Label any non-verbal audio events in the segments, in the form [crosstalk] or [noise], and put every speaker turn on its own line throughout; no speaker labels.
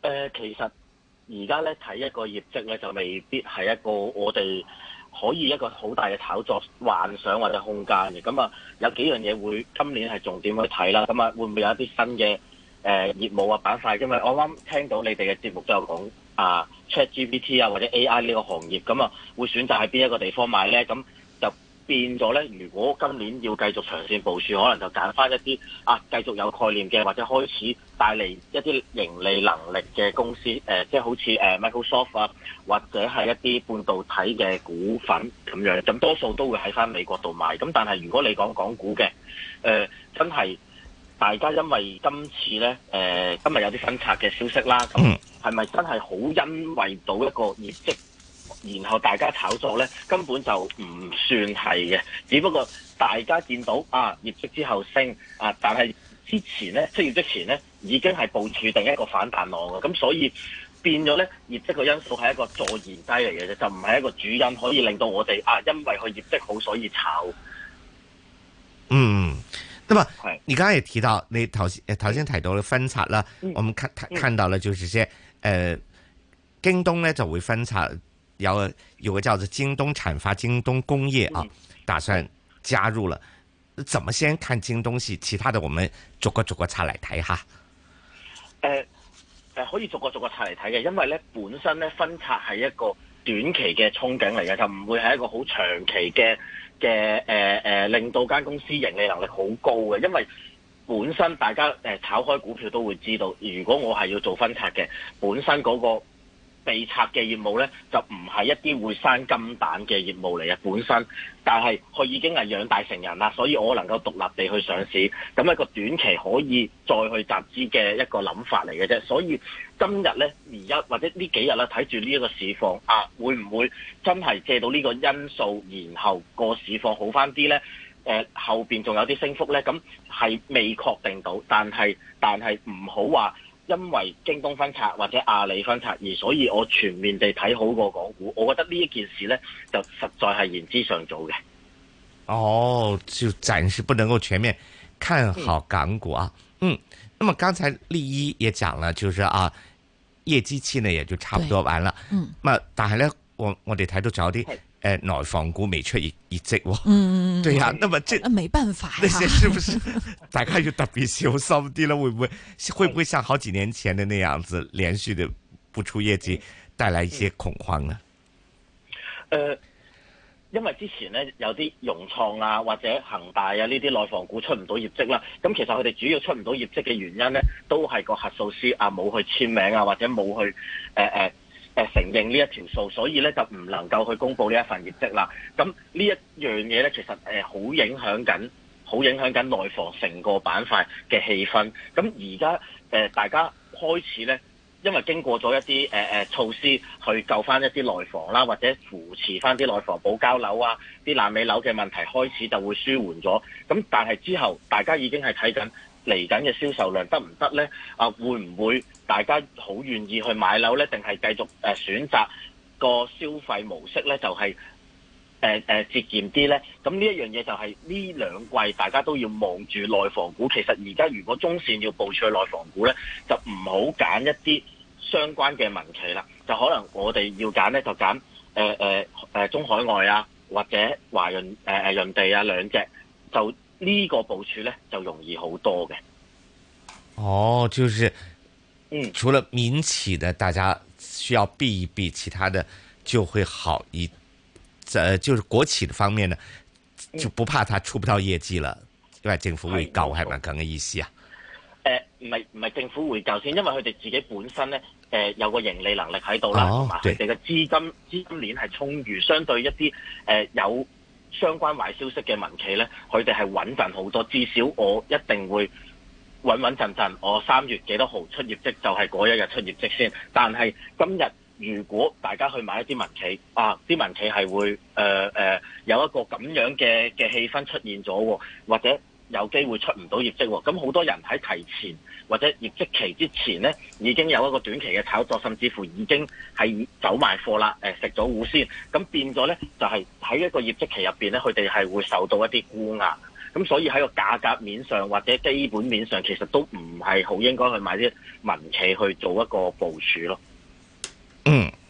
誒、呃，其實而家咧睇一個業績咧，就未必係一個我哋可以一個好大嘅炒作幻想或者空間嘅。咁啊，有幾樣嘢會今年係重點去睇啦。咁啊，會唔會有一啲新嘅，誒、呃、業務啊板塊？因為我啱聽到你哋嘅節目都有講啊，Chat GPT 啊或者 AI 呢個行業，咁啊會選擇喺邊一個地方買咧？咁變咗咧，如果今年要繼續長線部署，可能就揀翻一啲啊，繼續有概念嘅或者開始帶嚟一啲盈利能力嘅公司，誒、呃，即係好似誒、呃、Microsoft 啊，或者係一啲半導體嘅股份咁樣。咁多數都會喺翻美國度買。咁但係如果你講港股嘅，誒、呃，真係大家因為今次咧，誒、呃，今日有啲分拆嘅消息啦，咁係咪真係好因為到一個業績？然後大家炒作咧，根本就唔算係嘅，只不過大家見到啊業績之後升啊，但係之前咧，即業績前咧已經係部署定一個反彈浪嘅，咁、啊、所以變咗咧，業績個因素係一個助燃劑嚟嘅啫，就唔係一個主因可以令到我哋啊，因為佢業績好所以炒。
嗯，咁啊，而家係提到你頭先頭先提到嘅分拆啦，我們看，嗯、看到咧就係即係、呃、京東咧就會分拆。有個叫做京東產發京東工業啊，打算加入了，怎麼先看京東係？其他的我們逐個逐個拆嚟睇吓
誒誒、呃呃，可以逐個逐個拆嚟睇嘅，因為咧本身咧分拆係一個短期嘅憧憬嚟嘅，就唔會係一個好長期嘅嘅誒誒，令到間公司盈利能力好高嘅，因為本身大家誒炒開股票都會知道，如果我係要做分拆嘅，本身嗰、那個。被拆嘅業務呢，就唔係一啲會生金蛋嘅業務嚟嘅，本身，但係佢已經係養大成人啦，所以我能夠獨立地去上市，咁一個短期可以再去集資嘅一個諗法嚟嘅啫。所以今日呢，而家或者這幾天呢幾日咧，睇住呢一個市況，啊，會唔會真係借到呢個因素，然後個市況好返啲呢？誒、呃，後面仲有啲升幅呢，咁係未確定到，但係但係唔好話。因為京東分拆或者阿里分拆，而所以我全面地睇好過港股。我覺得呢一件事呢，就實在係言之尚早嘅。
哦，就暫時不能夠全面看好港股啊。嗯，嗯那麼剛才利一也講了，就是啊，業績期呢，也就差不多完了。嗯，咁但係呢，我我哋睇到早啲。誒、呃，內房股未出業業績，對呀、啊嗯，那麼即那沒辦
法呀、啊，那些是不是 [laughs]
大家要特別小心啲啦？會唔會會唔會像好幾年前的那樣子，連續的不出業績，帶來一些恐慌呢？誒、嗯嗯
呃，因為之前呢，有啲融創啊或者恒大啊呢啲內房股出唔到業績啦，咁其實佢哋主要出唔到業績嘅原因呢，都係個核數師啊冇去簽名啊或者冇去誒誒。呃呃承認呢一條數，所以咧就唔能夠去公布呢一份業績啦。咁呢一樣嘢咧，其實誒好影響緊，好影響緊內房成個板塊嘅氣氛。咁而家誒大家開始咧，因為經過咗一啲誒誒措施去救翻一啲內房啦，或者扶持翻啲內房保交樓啊、啲爛尾樓嘅問題，開始就會舒緩咗。咁但係之後，大家已經係睇緊。嚟緊嘅銷售量得唔得呢？啊，會唔會大家好願意去買樓呢？定係繼續誒選擇個消費模式呢？就係誒誒節儉啲呢？咁呢一樣嘢就係呢兩季大家都要望住內房股。其實而家如果中線要部署去內房股呢，就唔好揀一啲相關嘅民企啦。就可能我哋要揀呢，就揀誒誒中海外啊，或者華潤誒誒潤地啊兩隻就。呢、這個部署咧就容易好多
嘅。哦，就是，嗯，除了民企的，大家需要避一避，其他的就會好一。呃，就是國企方面呢，就不怕他出不到業績了。喂，政府會救係咪係咁嘅意思啊？
誒、哦，唔係唔係政府會救先，因為佢哋自己本身咧，誒有個盈利能力喺度啦，同埋佢哋嘅資金資金鏈係充裕，相對一啲誒有。相關壞消息嘅民企呢，佢哋係穩陣好多，至少我一定會穩穩陣陣，我三月幾多號出業績就係嗰一日出業績先。但係今日如果大家去買一啲民企啊，啲民企係會誒誒、呃呃、有一個咁樣嘅嘅氣氛出現咗，或者有機會出唔到業績，咁好多人喺提前。或者業績期之前咧，已經有一個短期嘅炒作，甚至乎已經係走埋貨啦，誒食咗糊先，咁變咗呢，就係、是、喺一個業績期入邊呢，佢哋係會受到一啲沽壓，咁所以喺個價格面上或者基本面上，其實都唔係好應該去買啲民企去做一個部署咯。嗯。 [coughs]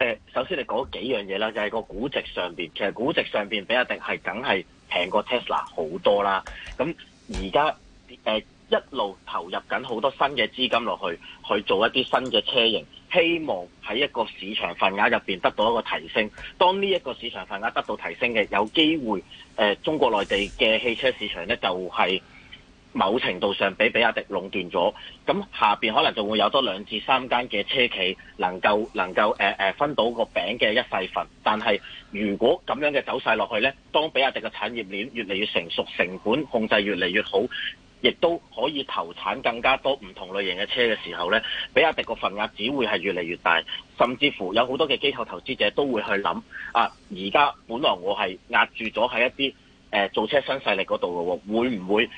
誒，首先你講幾樣嘢啦，就係、是、個估值上邊，其實估值上邊比亞迪係梗係平過 Tesla 好多啦。咁而家誒一路投入緊好多新嘅資金落去，去做一啲新嘅車型，希望喺一個市場份額入邊得到一個提升。當呢一個市場份額得到提升嘅，有機會誒、呃，中國內地嘅汽車市場咧就係、是。某程度上俾比亞迪壟斷咗，咁下邊可能就會有多兩至三間嘅車企能夠能夠誒、呃、分到個餅嘅一細份。但係如果咁樣嘅走勢落去呢，當比亞迪嘅產業鏈越嚟越成熟，成本控制越嚟越好，亦都可以投產更加多唔同類型嘅車嘅時候呢，比亞迪個份額只會係越嚟越大，甚至乎有好多嘅機構投資者都會去諗啊。而家本來我係壓住咗喺一啲誒造車新勢力嗰度嘅喎，會唔會？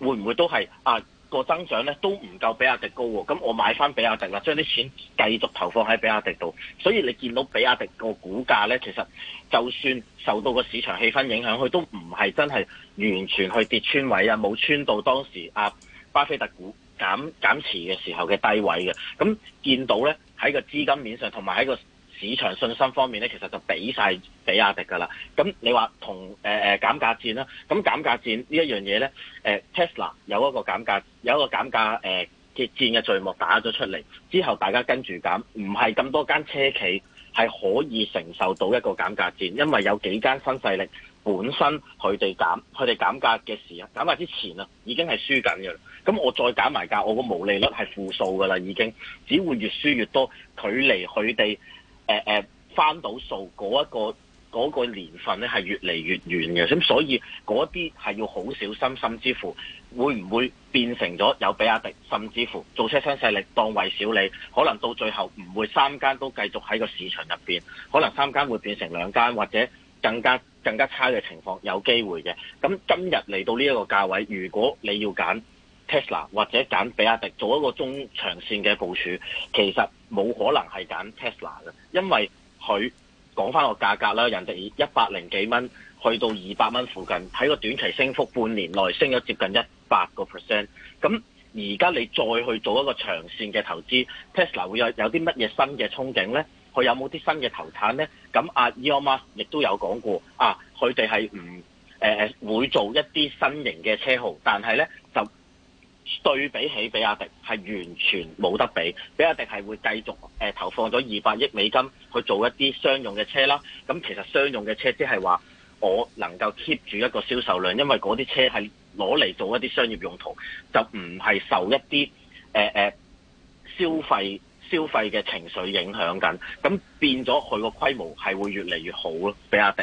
會唔會都係啊、個增長咧都唔夠比亞迪高喎、啊？咁我買翻比亞迪啦，將啲錢繼續投放喺比亞迪度。所以你見到比亞迪個股價咧，其實就算受到個市場氣氛影響，佢都唔係真係完全去跌穿位啊，冇穿到當時啊巴菲特股減減持嘅時候嘅低位嘅。咁見到咧，喺個資金面上，同埋喺個。市場信心方面咧，其實就畀晒比亞迪㗎啦。咁你話同誒誒減價戰啦，咁減價戰呢一樣嘢咧，誒、呃、Tesla 有一個減價，有一個減價誒戰嘅序幕打咗出嚟之後，大家跟住減，唔係咁多間車企係可以承受到一個減價戰，因為有幾間新勢力本身佢哋減，佢哋減價嘅時，減價之前啊，已經係輸緊㗎啦。咁我再減埋價，我個毛利率係負數㗎啦，已經只會越輸越多，距離佢哋。誒、嗯、誒、嗯、翻到數嗰、嗰、一個嗰、嗰個、年份咧係越嚟越遠嘅，咁所以嗰啲係要好小心，甚至乎會唔會變成咗有比亞迪，甚至乎造車新勢力當蔚小理，可能到最後唔會三間都繼續喺個市場入邊，可能三間會變成兩間，或者更加更加差嘅情況，有機會嘅。咁今日嚟到呢一個價位，如果你要揀 Tesla 或者揀比亞迪做一個中長線嘅部署，其實。冇可能係揀 Tesla 嘅，因為佢講返個價格啦，人哋一百零幾蚊去到二百蚊附近，喺個短期升幅半年內升咗接近一百個 percent。咁而家你再去做一個長線嘅投資，Tesla 會有有啲乜嘢新嘅憧憬呢？佢有冇啲新嘅投產呢？咁阿 Elon Musk 亦都有講過，啊佢哋係唔誒會做一啲新型嘅車號，但係呢。就。對比起比亞迪係完全冇得比，比亞迪係會繼續、呃、投放咗二百億美金去做一啲商用嘅車啦。咁其實商用嘅車即係話我能夠 keep 住一個銷售量，因為嗰啲車係攞嚟做一啲商業用途，就唔係受一啲、呃、消費消費嘅情緒影響緊。咁變咗佢個規模係會越嚟越好咯，比亞迪。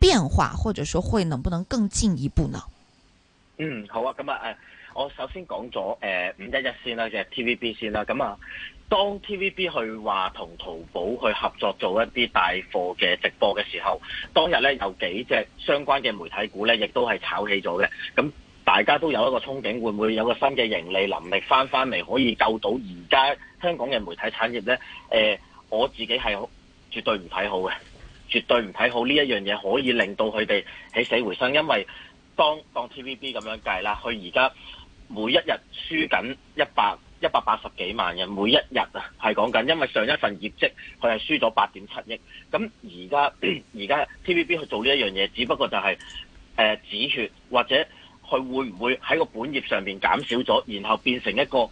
變化，或者說會能不能更進一步呢？
嗯，好啊，咁啊，誒，我首先講咗誒，五、呃、一、一線啦，就係、是、T V B 先啦。咁、嗯、啊，當 T V B 去話同淘寶去合作做一啲帶貨嘅直播嘅時候，當日呢，有幾隻相關嘅媒體股呢，亦都係炒起咗嘅。咁、嗯、大家都有一個憧憬，會唔會有個新嘅盈利能力翻翻嚟，可以救到而家香港嘅媒體產業呢？誒、呃，我自己係絕對唔睇好嘅。絕對唔睇好呢一樣嘢可以令到佢哋起死回生，因為當當 TVB 咁樣計啦，佢而家每一日輸緊一百一百八十幾萬人，每一日啊係講緊，因為上一份業績佢係輸咗八點七億，咁而家而家 TVB 去做呢一樣嘢，只不過就係呃，止血，或者佢會唔會喺個本業上面減少咗，然後變成一個。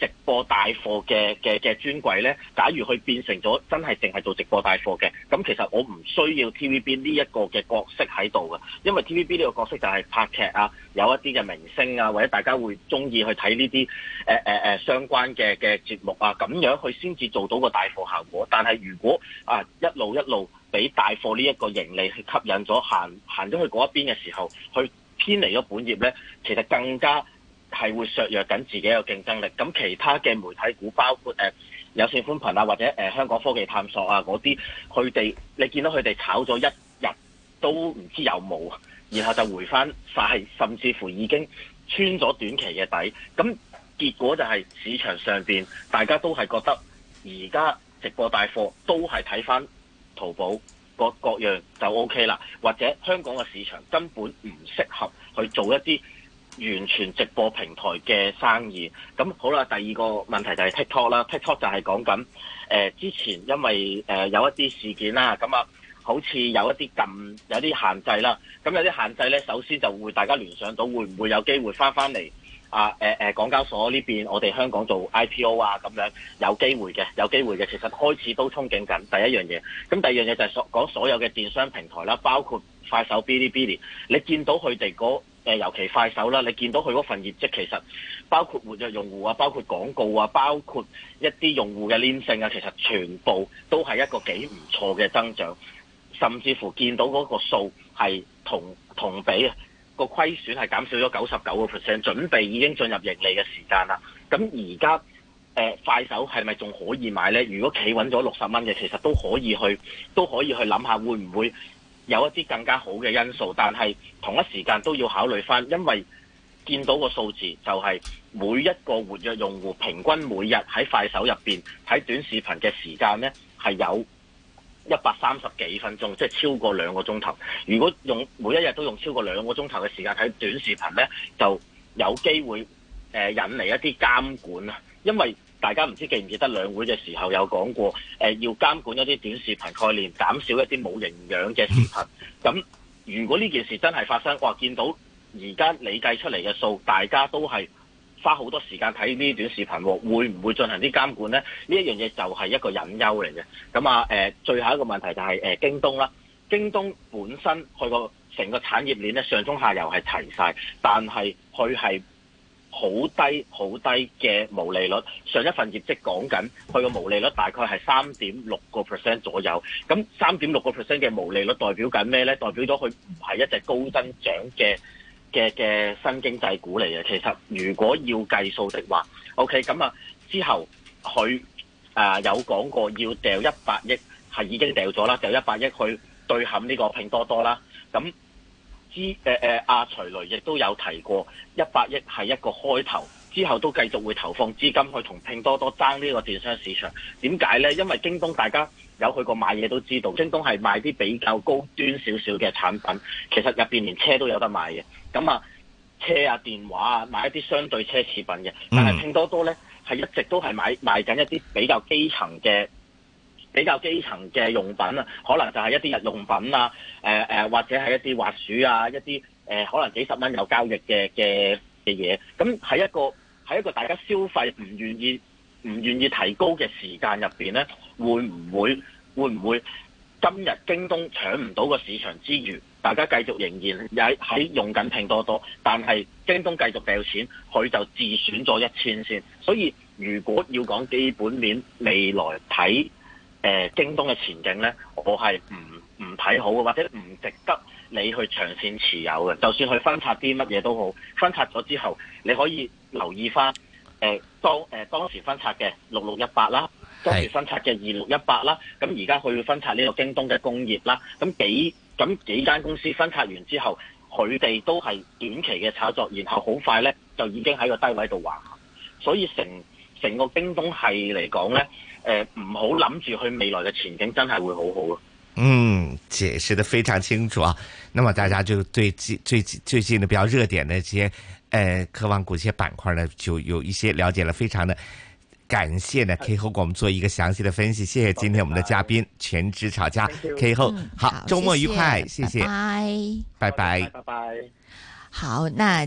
直播帶貨嘅嘅嘅專櫃呢，假如佢變成咗真係淨係做直播帶貨嘅，咁其實我唔需要 TVB 呢一個嘅角色喺度嘅，因為 TVB 呢個角色就係拍劇啊，有一啲嘅明星啊，或者大家會中意去睇呢啲誒誒相關嘅嘅節目啊，咁樣佢先至做到個帶貨效果。但係如果啊一路一路俾帶貨呢一個盈利去吸引咗行行咗去嗰一邊嘅時候，去偏離咗本業呢，其實更加。係會削弱緊自己嘅競爭力，咁其他嘅媒體股，包括有線寬頻啊，或者、呃、香港科技探索啊嗰啲，佢哋你見到佢哋炒咗一日都唔知有冇，然後就回翻曬，甚至乎已經穿咗短期嘅底，咁結果就係市場上面，大家都係覺得而家直播帶貨都係睇翻淘寶各各樣就 OK 啦，或者香港嘅市場根本唔適合去做一啲。完全直播平台嘅生意，咁好啦。第二個問題就係 TikTok 啦，TikTok 就係講緊誒之前因為誒、呃、有一啲事件啦，咁啊好似有一啲禁，有啲限制啦。咁有啲限制呢，首先就會大家聯想到會唔會有機會翻翻嚟啊？誒、呃呃、港交所呢邊我哋香港做 IPO 啊，咁樣有機會嘅，有機會嘅。其實開始都憧憬緊第一樣嘢。咁第二樣嘢就係所講所有嘅電商平台啦，包括快手、Bilibili，你見到佢哋嗰。尤其快手啦，你見到佢嗰份業績其實包括活躍用戶啊，包括廣告啊，包括一啲用戶嘅黏性啊，其實全部都係一個幾唔錯嘅增長，甚至乎見到嗰個數係同同比啊，個虧損係減少咗九十九個 percent，準備已經進入盈利嘅時間啦。咁而家誒快手係咪仲可以買咧？如果企穩咗六十蚊嘅，其實都可以去都可以去諗下會唔會有一啲更加好嘅因素，但係同一時間都要考慮翻，因為見到個數字就係每一個活躍用戶平均每日喺快手入邊睇短視頻嘅時間咧，係有一百三十幾分鐘，即係超過兩個鐘頭，如果用每一日都用超過兩個鐘頭嘅時間睇短視頻咧，就有機會誒引嚟一啲監管啊，因為。大家唔知記唔記得兩會嘅時候有講過誒、呃、要監管一啲短視頻概念，減少一啲冇營養嘅視頻，咁如果呢件事真係發生，哇，見到而家你計出嚟嘅數，大家都係花好多時間睇呢啲短視頻，會唔會進行啲監管咧？呢一樣嘢就係一個隱憂嚟嘅。咁啊，誒、呃、最後一個問題就係、是、誒、呃、京東啦。京東本身佢個成個產業鏈咧，上中下游係齊晒，但係佢係。好低好低嘅毛利率，上一份業績講緊佢個毛利率大概係三點六個 percent 左右，咁三點六個 percent 嘅毛利率代表緊咩咧？代表咗佢唔係一隻高增長嘅嘅嘅新經濟股嚟嘅。其實如果要計數的話，OK，咁啊之後佢誒、呃、有講過要掉一百億，係已經掉咗啦，掉一百億去對撼呢個拼多多啦，咁。之誒誒阿徐雷亦都有提過一百億係一個開頭，之後都繼續會投放資金去同拼多多爭呢個電商市場。點解呢？因為京東大家有去過買嘢都知道，京東係賣啲比較高端少少嘅產品，其實入邊連車都有得賣嘅。咁啊，車啊、電話啊，買一啲相對奢侈品嘅。但係拼多多呢係一直都係買賣緊一啲比較基層嘅。比較基層嘅用，用品啊，可能就係一啲日用品啊，或者係一啲滑鼠啊，一啲、呃、可能幾十蚊有交易嘅嘅嘅嘢。咁喺一個喺一個大家消費唔願意唔願意提高嘅時間入面咧，會唔會會唔會今日京東搶唔到個市場之餘，大家繼續仍然又喺用緊拼多多，但係京東繼續掉錢，佢就自損咗一千先。所以如果要講基本面未來睇。誒，京東嘅前景呢，我係唔唔睇好嘅，或者唔值得你去長線持有嘅。就算佢分拆啲乜嘢都好，分拆咗之後，你可以留意翻誒當誒當時分拆嘅六六一八啦，當時分拆嘅二六一八啦，咁而家去分拆呢個京東嘅工業啦，咁幾咁幾間公司分拆完之後，佢哋都係短期嘅炒作，然後好快呢就已經喺個低位度橫行，所以成成個京東係嚟講呢。呃、唔好諗住佢未來嘅
前景真係會好好咯。嗯，解釋得非常清楚啊。那麼大家就對最最最近的比較熱點嘅一些呃科網股、一些板塊呢，就有一些了解了。非常的感謝呢，K Ho 給我們做一個詳細的分析。謝謝今天我們的嘉賓全職炒家。K Ho，好，週末愉快謝謝，謝謝，拜拜，拜拜，好，那。